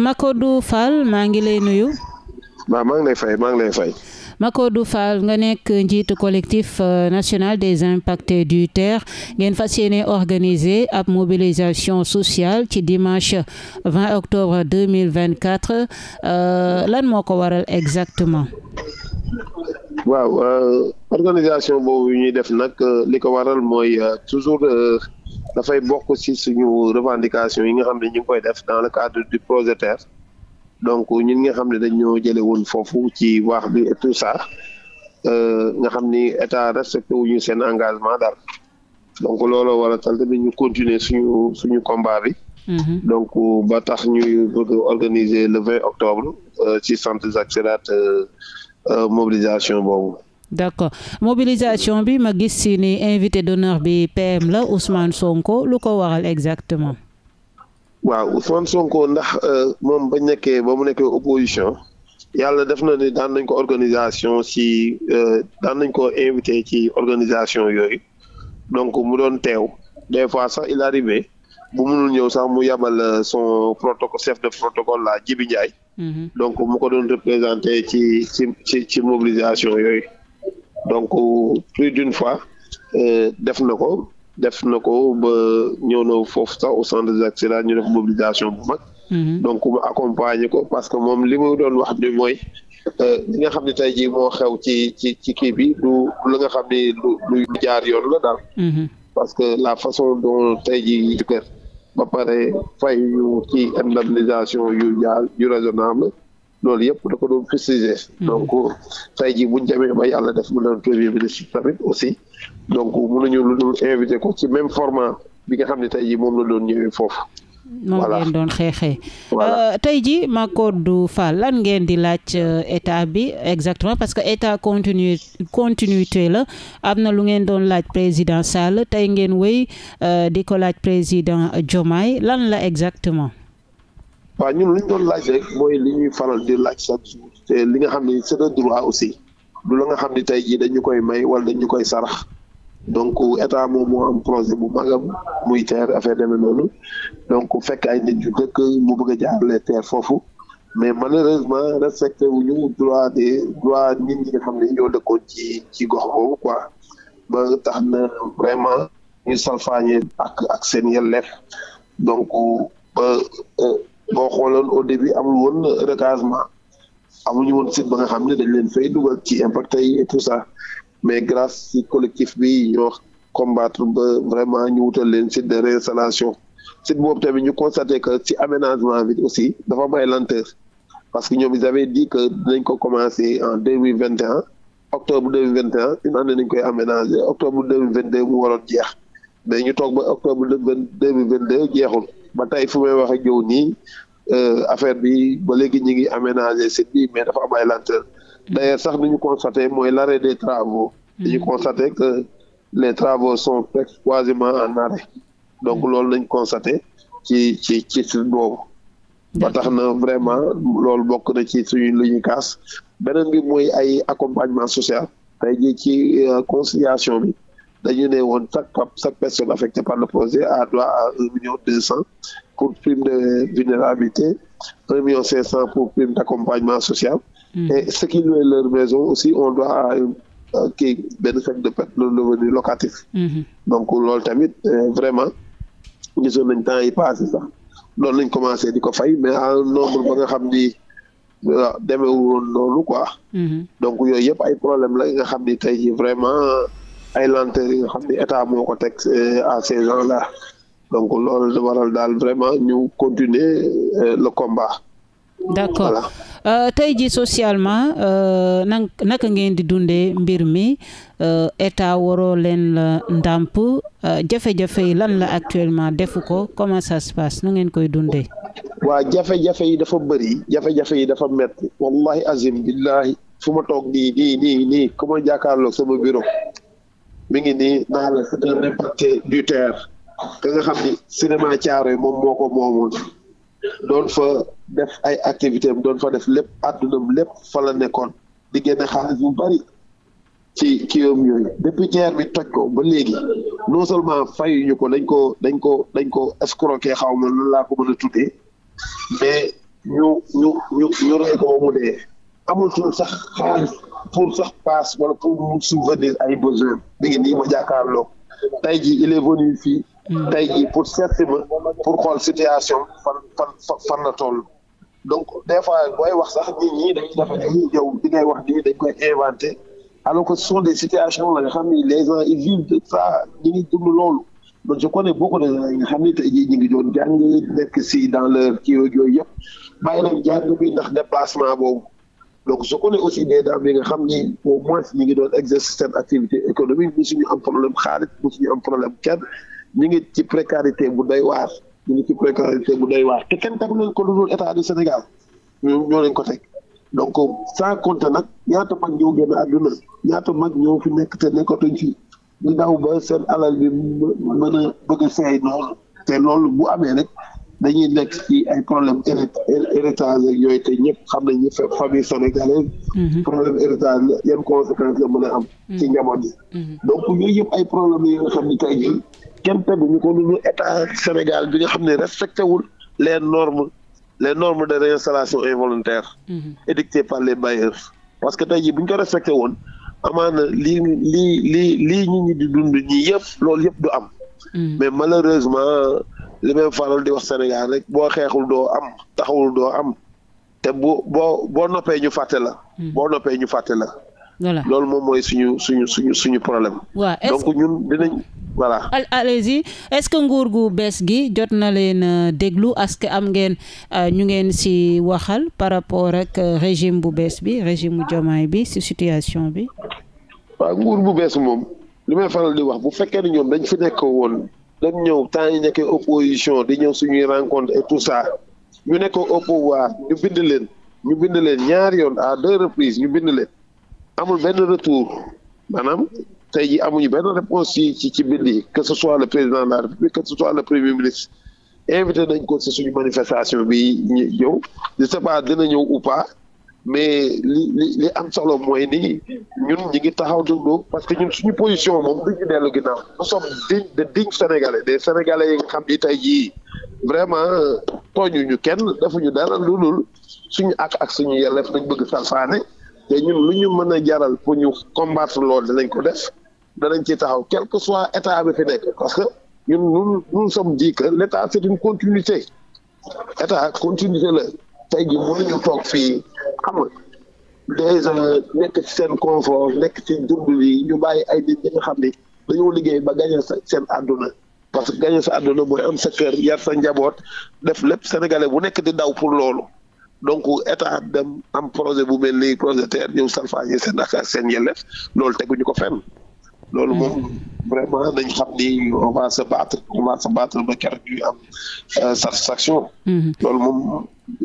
Macodou Fall maa ngi lay nuyu. waaw maa ngi lay fay maa ngi lay fay. Macodou Fall nga nekk njiitu collectif euh, national des impactés du TER ngeen fas yéene organiser ab mobilisation sociale ci dimanche 20 octobre 2024 euh, lan moo ko waral exactement. waaw euh, organisation boobu ñuy def nag li ko waral mooy toujours. dafay bokk ci suñu revendication yi nga xam ne ñu ngi koy def dans le cadre du projet donc ñun nga xam ne dañoo jële woon foofu ci waax bi et tout ça euh, nga xam ni état respecté wuñu seen engagement daal donc looloo wala a tal tamit ñu continuer suñu suñu combat bi mm-hmm. donc ba tax ñuy organiser le 20 octobre euh, ci centre Zac Sirat euh, mobilisation boobu d' accord mobilisation bi ma gis si ni invité d'honneur bi PM la Ousmane Sonko lu ko waral exactement. waaw Ousmane Sonko ndax euh, moom ba nekkee ba mu nekkee opposition yàlla def na ni daan nañ ko organisation si euh, daan nañ ko invité ci organisation yooyu donc mu doon teew des fois sax il arrivé bu munul ñëw sax mu yabal euh, son protocole chef de protocole la Jibi Ndiaye. Mhm. donc mu ko doon représenté ci ci ci ci mobilisation yooyu. donc plus d'une fois euh, def na ko def na ko ba ñëw na foofu sax au centre des accidents ñu def mobilisation bu mag. Mhm. donc mu accompagner ko parce que moom li mu doon wax ni mooy. Euh, li nga xam ne tey jii moo xew ci ci ci kii bi du lu nga xam ni lu lu jaar yoon la daal. Mhm. parce que la façon dont tey jii kër ba pare fay yu ci indemnisation yu jaar yu raisonnable loolu yëpp da ko doon préciser. Hmm. donc tey jii buñ demee ba yàlla def mu doon premier aussi donc mënuñu bi nga xam ne tey jii moom la doon ñëwee foofu. moom ngeen doon xeexee euh, tey jii Macodou Fall lan ngeen di laaj euh, état bi exactement parce que état continu continuité la am na lu ngeen doon laaj président Sall tey ngeen wéy euh, di ko laaj président jomaay lan la exactement waa ñun li ñu doon laaj rek mooy li ñuy faral di laaj chaque jour te li nga xam ne c'est un droit aussi du la nga xam ne tey jii dañu koy may wala dañu koy sarax donc état moom moo am projet bu magam muy terre affaire deme noonu donc fekk ay nit yu dëkk mu bëgg a jaarale terre foofu mais malheureusement respecté wu ñu droit des droit nit ñi nga xam ne ñoo dëkkoon ci ci gox boobu quoi ba tax na vraiment ñu salfaañe ak ak seen yelleef donc ba. Euh, boo xooloon au début amul woon recasement amuñu woon site ba nga xam ne dañ leen fay dugal ci impact yi et tout ça mais grâce ci collectif bi ñoo combattre ba vraiment ñu wutal leen site de réinstallation site boobu tamit ñu constaté que ci aménagement bi aussi dafa am ay lenteur parce que ñoom ils avaient di que dinañ ko commencé en deux mille vingt et octobre deux mille vingt nañ koy aménager octobre deux mille vingt deux mu waroon jeex mais ñu toog ba octobre deux mille vingt deux jeexul. ba tey fu may wax ak yow nii euh, affaire bi ba léegi ñu ngi aménagé site bi mais dafa am ay lenteur d'ailleurs sax ni ñu constaté mooy l'arrêt des travaux hmm. dañu constaté que les travaux sont presque quasiment en arrêt donc hmm. loolu lañ constaté ci ci ci site boobu ba tax na vraiment loolu bokk na ci suñu lu ñuy kaas beneen bi mooy ay accompagnement social tey ci euh, conciliation bi dañu ne woon chaque chaque personne affectée par le projet a droit à un million deux cent pour prime de vulnérabilité un million cinq cent pour prime d'accompagnement social mmh. et ceux qui louent leur maison aussi on doit à euh, kii benn chèque de perte de locatif mm-hmm. donc loolu tamit euh, vraiment gisoon nañ temps yi passé sax loolu lañ commencé di ko fay mais un nombre ba nga xam ni demeewul woon mm-hmm. donc yooyu yëpp ay problème la nga xam ni tey vraiment ay lenteur yi nga xam ne état moo ko teg a euh, ces la là donc loolu da daal vraiment ñu continuer euh, le combat. d'accord voilà. euh, tey jii socialement euh, nan naka ngeen di dundee mbir mi euh, état euh, waroo leen la ndàmp jafe-jafe yi lan la actuellement defu ko comment ça se passe nu ngeen koy dundee. waa jafe-jafe yi dafa bëri jafe-jafe yi dafa metti wallahi azim fu ma toog nii nii nii nii ku ma jàkkaarloog sama bureau mi ngi nii dans le secteur impacté du terre ka nga xam ni cinéma yi moom moo ko moomoon doon fa def ay activité am doon fa def lépp àddunam lépp fa la nekkoon di génne xaalis bu bari ci kiom yooyu depuis terre bi toj ko ba léegi non seulement fayuñu ko dañ ko dañ ko dañ ko escroquer xaw ma lan laa ko mën a mais ñu ñu ñu ñu rey ko ba dee amatul sax xaalis pour sax paas wala pour mu souvenir ay besoin bi ngi nii ma jàkkaarloo tey jii il est venu fii hmm. tey jii pour seetsi ma pour xool situation fan fan fan la tool donc des fois booy wax sax nit ñi dañuy def ay yow di ngay wax nii dañ koy inventé alors que ce sont des situations la nga xam ni les gens ils vivent de ça ñu ngi dund loolu donc connais beaucoup yi nga xam ni tey jii ñu ngi doon jàng nekk si dans leur kii yooyu yëpp bàyyi nañ jàng bi ndax déplacement boobu donc je connais aussi des dames yi nga xam ni au moins ñi ngi doon exercer seen activité économique musuñu am problème xaalis musuñu am problème kenn ñi ngi ci précarité bu doy waar ñu ngi ci précarité bu doy waar te kenn tegu leen ko dul état du Sénégal ñoo ñoo leen ko teg donc sans compter nag ñaata mag ñoo génn àdduna ñaata mag ñoo fi nekk te nekkatuñ fi ñu daaw ba seen alal bi mën a bëgg a seey noonu te loolu bu amee rek dañuy nekk ci ay problème héritage ak yooyu te ñëpp xam nañu ne famille sénégalaise. Mm-hmm. problème héritage la yan conséquence la mën a am. Mm-hmm. ci njaboot yi. Mm-hmm. donc yooyu yëpp ay problème yi nga xam ne tey jii kenn teguñu ko lu état Sénégal bi nga xam ne respecté wul les de réinstallation involontaire. édictées par les bailleurs. parce que tey jii bu ñu ko respecté woon amaana lii lii lii lii nit ñi yëpp loolu yëpp du am. mais malheureusement. li may faral di wax Sénégal rek boo xeexul doo am taxawul doo am te bu boo boo noppee ñu fàtte la. Hmm. boo noppee ñu fàtte la. voilà loolu moom mooy suñu suñu suñu suñu problème. waa donc ñun voilà. allez-y est-ce que nguur gu bees gi jot na leen euh, déglu est que am ngeen euh, ñu ngeen ci waxal par rapport ak euh, régime bu bees bi régime bu Diomaye bi ci situation bi. waaw nguur bu bees moom li may faral di wax bu fekkee ne ñoom dañ fi nekk woon. lan ñëw temps yi nekkee opposition di ñëw suñuy rencontre et tout ça ñu nekk au pouvoir ñu bind leen ñu bind leen ñaari yoon à deux reprises ñu bind leen amul benn retour maanaam tey jii amuñu benn réponse yi ci ci bind yi que ce soit le président de la république que ce soit le premier ministre invité nañ ko si suñu manifestation bi ñu ñëw je sais pas dina ñëw ou pas mais li li am solo mooy ni ñun ñi taxaw taxaw dugg parce que ñun suñu position moom duñu dellu ginnaaw nous sommes dignes de dignes sénégalais des sénégalais yi nga xam ni tey jii vraiment euh, tooñu ñu kenn defuñu dara lu dul suñu ak ak suñu yelleef dañ bëgg salfaane te ñun lu ñu mën a jaral pour ñu combattre loolu danañ ko def danañ ci taxaw quelque que soit état bi fi nekk parce que ñun nous nous sommes dit que l' état c' est une continuité la tey jii mënuñu toog fii. xam nga déjà nekk ci seen confort nekk ci dund bi ñu bàyyi ay nit ñi nga xam ni dañoo liggéey ba gañe sa seen adduna parce que gañe sa àdduna mooy am sa kër yar sa njaboot def lépp sénégalais bu nekk di daw pour loolu donc état dem am projet bu mel ni projet TER ñëw salfaañe seen ak seen yelleef loolu teguñu ko fenn loolu moom vraiment dañ xam ni on va se battre ba keroog ñuy am euh, satisfaction mm-hmm. loolu moom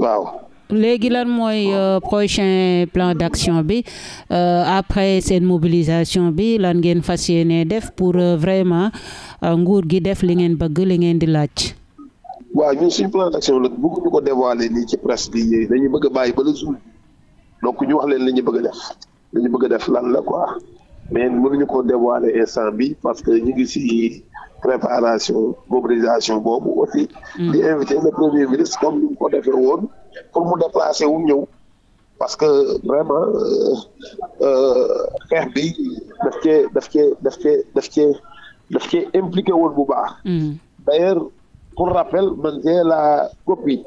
waaw léegi lan mooy euh, prochain plan d'action bi euh, après seen mobilisation bi lan ngeen fas ne def pour euh, vraiment nguur gi def li ngeen bëgg li ngeen di laaj. waa ñun suñu plan d'action la bëgguñu ko dévoiler nii ci presse bi dañuy bëgg bàyyi ba le jour donc ñu wax leen li ñu bëgg def li ñu bëgg def lan la quoi mais mënuñu ko dévoiler instant bi parce que ñu ngi si préparation mobilisation boobu aussi. Mm. di invité le premier ministre comme ni mu ko woon. pour mu déplacer wu ñëw parce que vraiment euh, euh, xeex bi daf cee daf cee impliqué woon bu baax. Mm. d' pour rappel man j'ai la copie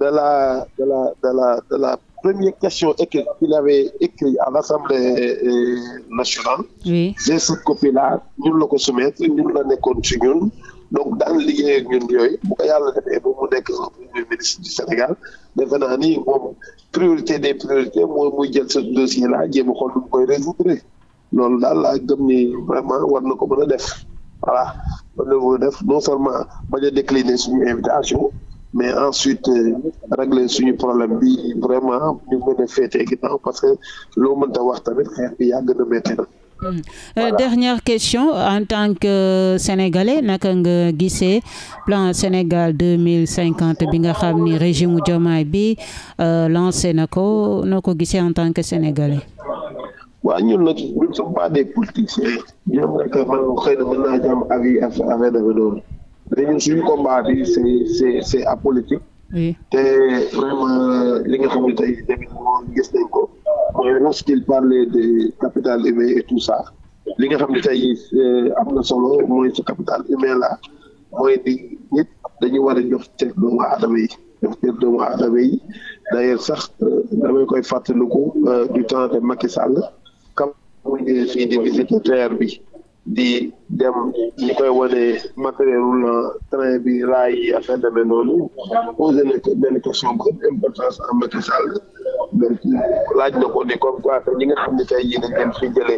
de la de la de la de la première question écrite qu'il avait écrit à l'Assemblée euh, nationale. oui j'ai cette copie là ñun la ko soumettre la nekkoon ci donc daan liggéey ak ñun yooyu bu yàlla defee ba mu nekk premier Sénégal defe naa ni moom priorité des priorités mooy muy jël ce dossier là jéem a xool nu mu koy résoudre loolu daal laa gëm ni vraiment war na ko mën a def voilà war na def non seulement bañ a décliner suñu invitation mais ensuite euh, régler suñu problème bi vraiment ñu mën a féetee ginnaaw parce que loo ta wax tamit xeex bi a na Euh, dernière question en tant que euh, sénégalais naka nga gise plan Sénégal deux mille cinquante bi nga xam ni régime u Diomaye bi euh, lancé na ko noo ko gisee en tant que sénégalais. te vraiment li nga xam ne tey tamit moom gis nañ ko mooy lorsqu'il parlait de capital humain et tout ça li nga xam ne tey euh, am na solo mooy sa capital humain la mooy nit dañu war a jox cër doomu aadama yi jox cër doomu aadama yi d'ailleurs sax euh, damay koy fàttaliku euh, du temps de Macky Sall kam muy fii di visite terre bi di dem ñu koy wane matériel roulant train bi raay a affaire demee noonu posé na benn question bu importance en Macky Sall donc laaj na ko ni comme quoi que ñi nga xam ni tey jii dañ leen fi jële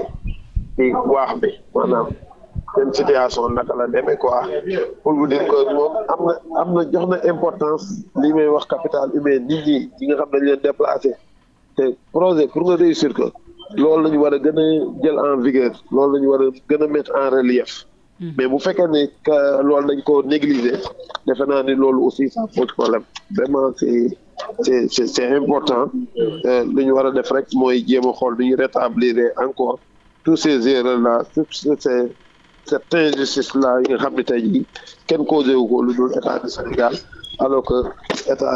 ci waax bi maanaam seen situation naka la demee quoi pour vous dire que moom am na jox na importance li may wax capital humain nit ñi ñi nga xam dañ leen déplacé te projet pour nga réussir ko loolu la ñu war a gën a jël en vigueur loolu la ñu war a gën a mettre en relief. Hmm. mais bu fekkee ne loolu dañ ko négliger defe naa ni loolu aussi ça pose problème vraiment c'est c'est c'est c'est important euh, lu ñu war a def rek mooy jéem a xool du ñu rétablir encore tous ces erreurs là cette injustice là yi nga xam ne tey jii kenn causé wu ko lu dul état du Sénégal. alors que état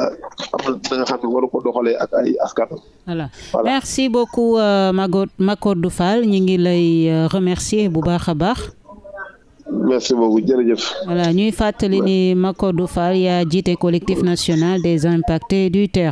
am na da nga xam ne ko doxalee ak ay askan. voilà merci beaucoup euh, Magot Macodou Fall ñu ngi lay euh, remercier bu baax a baax. merci beaucoup jërëjëf. voilà ñuy fàttali ni Macodou Fall yaa jiite collectif national des impactés du terre.